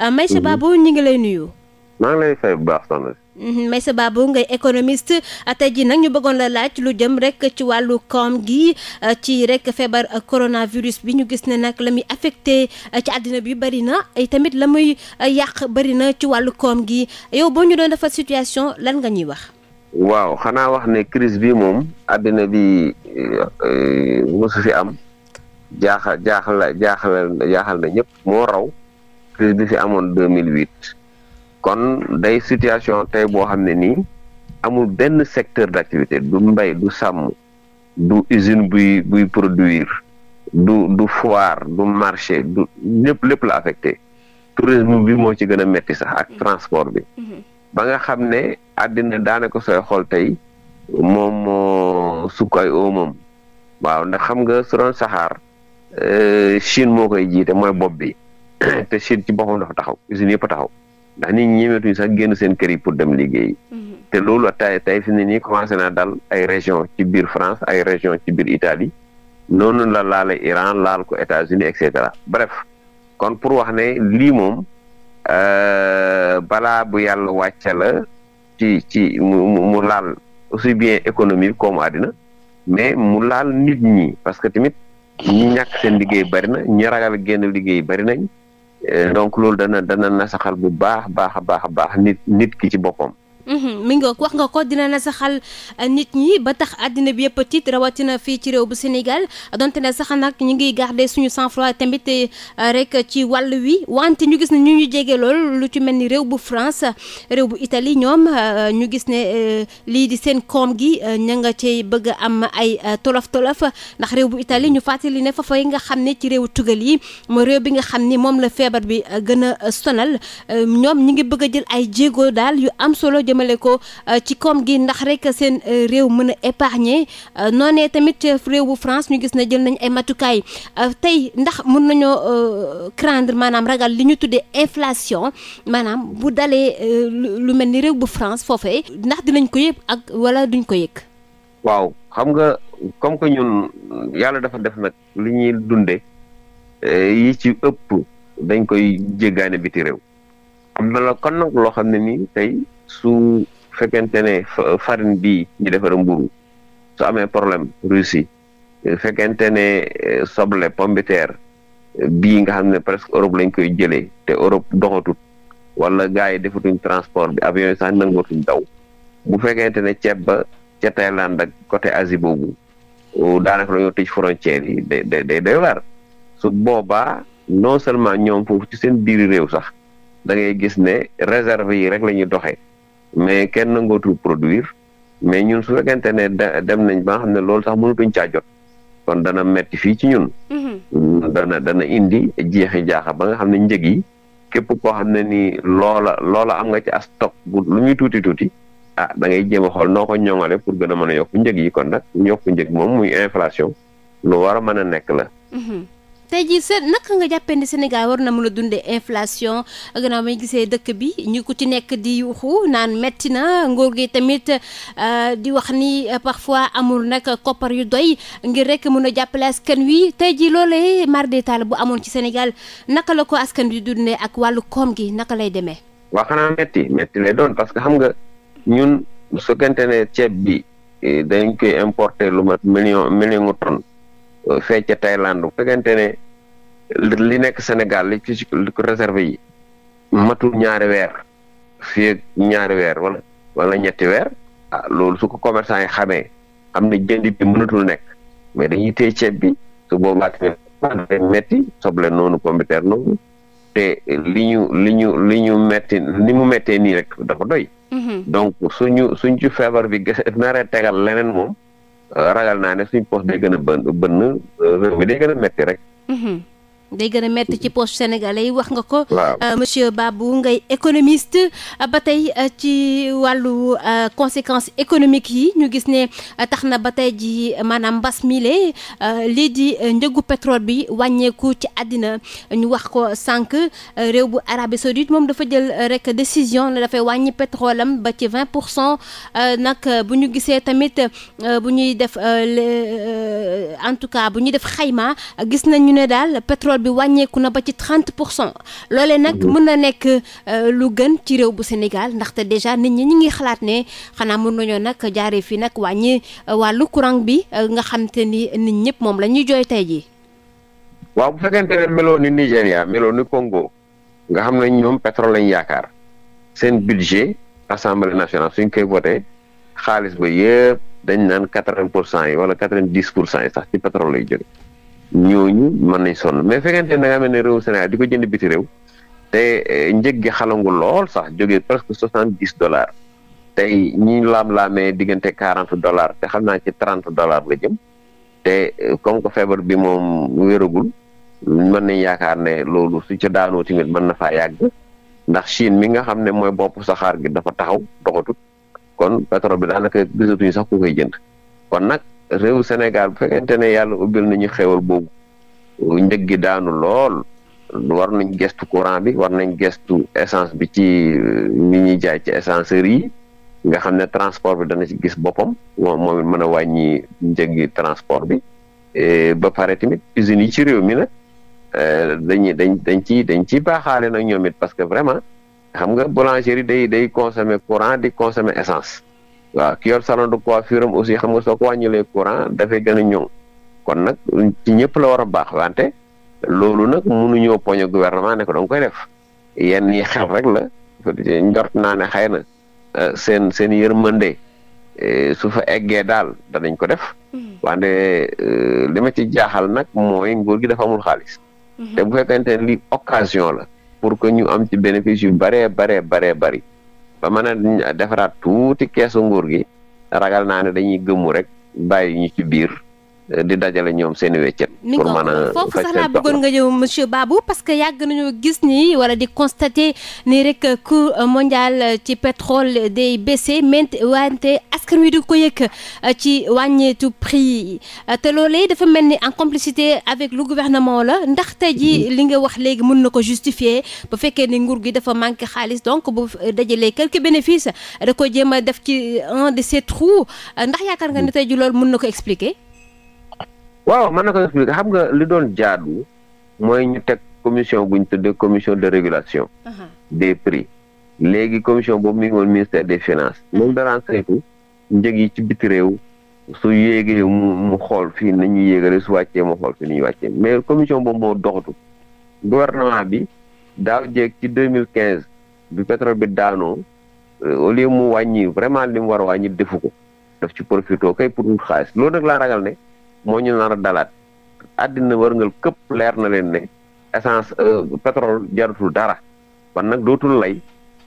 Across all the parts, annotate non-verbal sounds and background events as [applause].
Euh, Meissa mhm. Babou ñu ngi lay nuyu. maa ngi lay fay baax soxna si. Meissa mhm, Babou ngay économiste euh, tey jii nag ñu bëggoon la laaj lu jëm rek ci wàllu koom gi euh, ci rek feebar coronavirus bi ñu gis ne nag la muy affecté ci àddina bi bari na ay tamit la muy yàq bari na ci wàllu koom gi yow boo ñu doon defal situation lan nga ñuy wax. waaw xanaa wax ne crise bi moom àddina bi mosu fi am jaaxal jaaxal jaaxal jaaxal na ñëpp moo raw. crise bi fi amoon deux mille huit kon day situation tey boo xam ne nii amul benn secteur d'activité du mbay du sàmm du usine buy buy produire du du foire du marché du lépp lépp la affecté tourisme bi moo ci gën a metti sax ak transport bi mm-hmm. ba nga xam ne àddina daanaka sooy xool tey moom moo sukk ay waaw ndax xam nga su doon saxaar euh, Chine moo koy jiite mooy bopp bi [coughs] te Chine ci boppam dafa taxaw usines yëpp taxaw ndax ni ñi ñemeetuñu sax génn seen kër yi pour dem liggéeyi. Mhm. te loolu tay tay fi ni nii commencé naa dal ay région ci biir France ay région ci biir Italie noonu la laale Iran laal ko États-Unis et cetera bref kon pour wax ne lii moom euh, balaa bu yàlla wàcce la ci ci mu mu laal aussi bien économie comme àddina mais mu laal nit ñi parce que tamit ñi ñàkk seen liggéey bari na ñi ragal génn liggéey bari nañ. Eh, donc loolu dana dana nasaxal bu baax a baax a baax a baax nit nit ki ci boppam Mhm. mi nga wax nga ko dina nasaxal eh, nit ñi ba tax àddina bi yëpp tiit rawatina fii ci réew bu Sénégal donte na sax nag ñu ngi garder suñu sang-froid tamit eh, rek ci wàll wi wante ñu gis ne ñu ñu jege lool lu ci mel ni réew bu France réew bu Italie ñoom eh, ñu gis ne lii di seen koom gi ña nga cee bëgg am ay tolof tolof ndax réew bu Italie ñu fàttali ne fafay nga xam ne ci réew tugal yi mooy réew bi nga xam ni moom la feebar bi gën a sonal ñoom ñu ngi bëgg a jël ay jéego daal yu am solo jëm jëmale ko euh, ci koom gi ndax rek seen euh, réew mën a épargner euh, noonee tamit réew bu France ñu gis ne jël nañ ay matukaay tey ndax mën nañoo craindre maanaam ragal li ñu tuddee inflation maanaam bu dalee lu mel ni réew bu France foofee ndax dinañ ko yëg ak wala duñ ko yëg. waaw xam nga comme que ñun yàlla dafa def nag li ñuy dunde yi ci ëpp dañ koy jéggaane biti réew am na la kon nag loo xam ne nii tey su fekkente ne farine bi ñu defar mburu su amee problème Russie fekkente ne eh, soble pomme de terre eh, bii nga xam ne presque Europe lañ koy jëlee te Europe doxatut wala gars yi defatuñ transport bi avion yi sax nangootuñ daw bu fekkente ne ceeb ba ca Thaïlande ak côté asi boobu daanaka dañoo tëj frontière yi day day day su booba non seulement ñoom foofu ci seen biir réew sax da ngay gis ne réserve yi rek la ñuy doxee mais kenn nangootul produire mais ñun su fekkente ne dem nañ ba nga xam ne lool sax mënatuñ caa jot kon dana metti fii ci ñun. Mhm. Mm, dana dana indi jeexi jaaxa ba nga xam ne njëg yi képp koo xam ne ni loola loola am nga ci as stock bu lu ñuy tuuti tuuti ah da ngay jéem a xool noo ko ñoŋale pour gën a mën a yokk njëg yi kon nag yokk njëg moom muy inflation lu war a mën a nekk la. Mhm. tey jii seen naka nga jàppee ni Sénégal war na mën a dundee inflation gannaaw may gisee dëkk bi ñu ko ci nekk di yuuxu naan metti na nguur gi tamit euh, di wax ni euh, parfois amul nag koppar yu doy ngir rek mën a jàppale askan wi tey jii loolee mar détail bu amoon ci Sénégal naka la ko askan wi dundee ak wàllu koom gi naka lay demee. waa xanaa metti metti lay doon parce que xam nga ñun su fekkente ne ceeb bi eh, dañ koy importer lu mat million million tonne fee ca Thaïlande bu fekkente ne li nekk Sénégal li ci li ko réservé yi matul ñaari weer fii ñaari weer wala wala ñetti weer ah loolu su ko commerçant yi xamee xam ne jënd bi mënatul nekk mais dañuy téye ceeb bi su boobaa tamit ah, dañ metti soble noonu communautaire noonu te li ñu li ñu li ñu metti ni mu mettee nii rek dafa doy mhm. donc suñu suñ ci feebar bi gës tegal leneen moom ragal naa ne suñ poos day gën a bën bënn euh, réew mi day gën a metti rek mm-hmm. day gën a ci poche sénégalais yi wax nga ko. Euh, monsieur Babou ngay économiste euh, ba tey euh, ci wàllu conséquence économiques yi ñu gis ne tax na ba tey ji maanaam mbas mile lii di njëgu pétrole bi wàññeeku ci àddina ñu wax ko sànq réew bu Arabie Saoudite moom dafa jël rek décision la dafay wàññi pétrole ba ci vingt pour cent nag bu ñu gisee tamit bu ñuy def en tout cas bu ñuy def xayma gis nañu ne daal pétrole. bi wàññeeku na ba ci 30 pour cent loolee nag mën na nekk euh, lu gën ci réew bu Sénégal ndaxte déjà nit ñi ñu ngi xalaat ne xanaa mën nañoo nag jaaree fii nag wàññi euh, wàllu courant bi euh, nga xam te ni nit ñëpp moom la ñuy jooy tey jii. waaw bu fekkente ne meloo ni Nigéria meloo ni Congo nga xam ne ñoom pétrole lañ yaakaar seen budget assemblée nationale suñ koy voté xaalis ba yëpp dañ naan quatre-vingt pour cent yi wala quatre-vingt-dix pour cent yi sax ci pétrole lay jóge ñooñu mën nañ sonn mais fekkente ne da nga ne réew Sénégal di ko jënd biti réew te eh, njëg gi xalangu lool sax jógee presque soixante dix dollars tey ñi laam-laamee diggante quarante dollars te xam naa ci trente dollars la jëm te eh, comme que feebar bi moom wéragul mën nañ yaakaar ne loolu su ca daanoo tamit mën na faa yàgg ndax Chine mi nga xam ne mooy boppu saxaar gi dafa taxaw doxatut kon pétrole bi daanaka gisatuñu sax ku koy jënd kon nag réewu Sénégal bu fekkente ne yàlla ubbil nañu xewal boobu njëg gi daanu lool war nañ gestu courant bi war nañ gestu essence bi ci euh, ni ñuy jaay ci essencerie yi nga xam ne transport bi dana ci gis boppam moom mën a wàññi njëgi transport bi ba pare tamit usine yi ci réew mi nag euh, dañuy dañ dañ ci dañ ciy baaxaale na ñoom it parce que vraiment xam nga boulangerie day day consommer courant di consommer essence waaw ki yor salon de coiffure am aussi xam nga soo ko wàññilee courant dafay gën a ñoŋ kon nag ci ñëpp la war a baax wante loolu nag mënuñoo poñe gouvernement ne ko danga koy def yenn yi xel rek la njort naa ne xëy na euh, seen seen yërmande euh, su fa eggee daal danañ ko def hmm. wante euh, li ci jaaxal nag mooy nguur gi dafa amul xaalis hmm. te bu fekkente ne lii occasion la pour que ñu am ci bénéfice yu baree baree baree bari ba mën a defaraat tuuti keesu nguur gi ragal naa ne dañuy gëmmu rek bàyyi ñu ci biir di dajale ñoom seeni i weccet. ni mën a foofu sax laa bëggoon nga ñëw monsieur Babou parce que yàgg nañoo gis ni wala di constater ni rek ku mondial ci pétrole day baissé ment wante askan wi di ko yëg euh, ci wàññeetu prix euh, te loolee dafa mel ni en complicité avec le gouvernement la ndax tey ji mm-hmm. li nga wax léegi mun na ko justifier bu fekkee ni nguur gi dafa manqué xaalis donc bu dajalee quelques bénéfices da ko jéem a def ci un de ces trous euh, ndax yaakaar nga ni mm-hmm. tey ji loolu mun na ko expliquer. waaw mën na ko expliquer xam nga li doon jaadu mooy ñu teg commission bu ñu tuddee commission de régulation. des prix léegi commission boobu mi ngi woon ministère des finances moom daraan saytu njëg yi ci biti réew su yéegee mu mu xool fii na ñu yéegale su wàccee mu xool fii ni ñuy wàccee mais commission boobu moo doxatu gouvernement bi daal jéeg ci deux mille quinze bi pétrole bi daanoo euh, au lieu mu wàññi vraiment li mu war a wàññi defu ko daf ci profité kay pour xaalis loolu nag laa ragal ne. moo ñu nar a dalaat àddina wërngal këpp leer na leen ne essence euh, pétrole jarutul dara ban nag dootul lay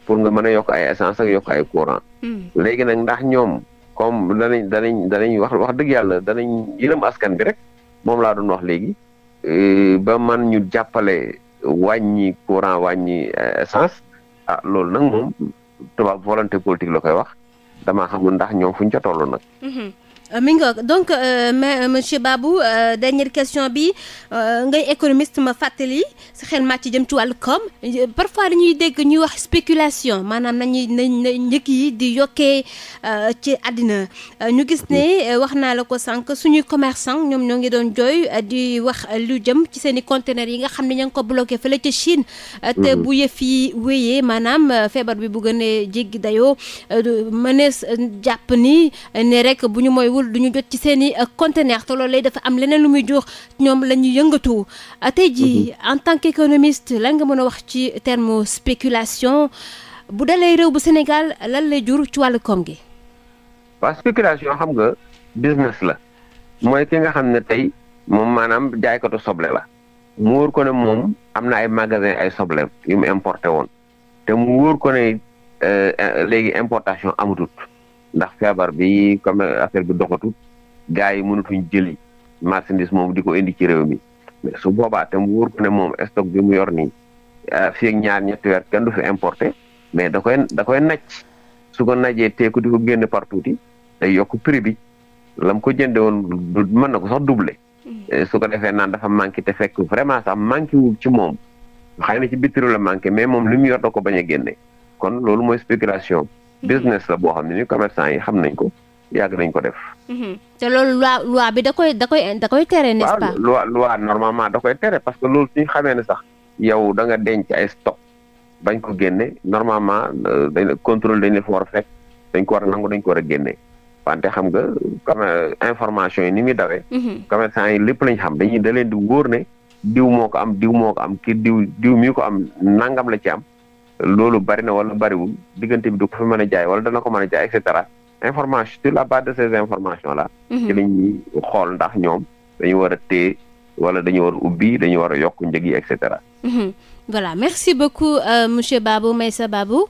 pour nga mën a yokk ay essence ak yokk ay courant hmm. léegi nag ndax ñoom comme danañ danañ danañ wax wax dëgg yàlla danañ yërëm askan bi rek moom laa doon wax léegi euh, ba man ñu jàppale wàññi courant wàññi euh, essence a ah, loolu nag moom tubaab volonté politique la koy wax damaa xamul ndax ñoom fu ñu ca nag hmm. Euh, mi ngoog donc euh, mais euh, monsieur Babou dernière question bi ngay économiste ma fàttali sa xel màcc jëm ci wàllu koom parfois dañuy dégg ñuy wax spéculation maanaam nañuy nañ njëkk yi di yokkee ci àddina ñu gis ne wax naa la ko sànq suñuy commerçant ñoom ñoo ngi doon jooy di wax lu jëm ci seen i conteneurs yi nga xam ne ña ngi ko bloqué fële ca Chine te mhm. bu yëf yi wéyee maanaam feebar bi bu gën a jéggi dayoo mënees jàpp ni ne rek bu ñu mooy wul jotagul ñu jot ci seen i euh, conteneur te loolu lay dafa am leneen lu muy jox ñoom la ñuy yëngatu euh, tey jii mhm. en tant que qu'économiste lan nga mën a wax ci terme spéculation bu dalee réew bu Sénégal lan lay jur ci wàllu koom gi. waaw spéculation xam nga business la mooy ki nga xam ne tey moom maanaam jaaykatu soble la mu wóor ko ne moom am na ay magasin ay soble yu mu importé woon te mu wóor ko ne euh, léegi importation amatut. ndax feebar bi comme affaire bi doxatut gars yi mënatuñ jëli marchandise moom di ko indi ci réew mi mais su boobaa te mu wóor ne moom stock bi mu yor nii ah, fii ak ñaar ñetti weer kenn du fi importé mais da koy da koy nacc su ko najee teeku di ko génne partout yi day yokk prix bi lam ko jënde woon mën na ko sax doublé hmm. eh, su ko defee naan dafa manqué te fekk vraiment sax manqué wul ci moom xëy na ci bitim la manqué mais moom li mu yor da ko bañ a génne kon loolu mooy spéculation business la boo xam ne ni commerçant yi xam nañ ko yàgg nañ ko def. Mhm. te loolu loi loi bi da koy da koy da koy tere n'est-ce pas. loi normalement da koy tere parce que loolu suñu xamee ne sax yow da nga denc ay stock bañ ko génne normalement euh, dañ contrôle dañ la fa war a dañ ko war a nangu dañ ko war a génne wante xam nga comme euh, information yi ni muy dawee. Mhm. commerçant yi lépp lañ xam dañuy da leen di wóor ne diw moo ko am diw moo ko am kii diw diw mii ko am nangam la ci am. loolu bari na wala bariwul diggante bi du ko fi mën a jaay wala dana ko mën a jaay et cetera information sur la base de ces informations là. Mhm. ci la ñuy xool ndax ñoom dañu war a téye wala dañu war a ubbi dañu war a yokk njëg yi et cetera. Mhm. merci beaucoup euh, monsieur Babou Meissa Babou.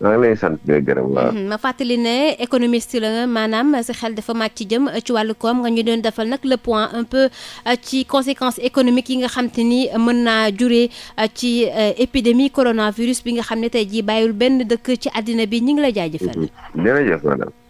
maa mhm, ma fàttali ne économiste la maanaam si xel dafa màcc ci jëm ci wàllu koom nga ñu doon defal nag le point un peu euh, ci conséquences économiques yi nga xam te ni mën naa jure euh, ci euh, épidémie coronavirus bi nga xam ne tey jii bàyyul benn dëkk ci àddina bi ñu ngi lay jaajëfal. Mhm, jërëjëf madame.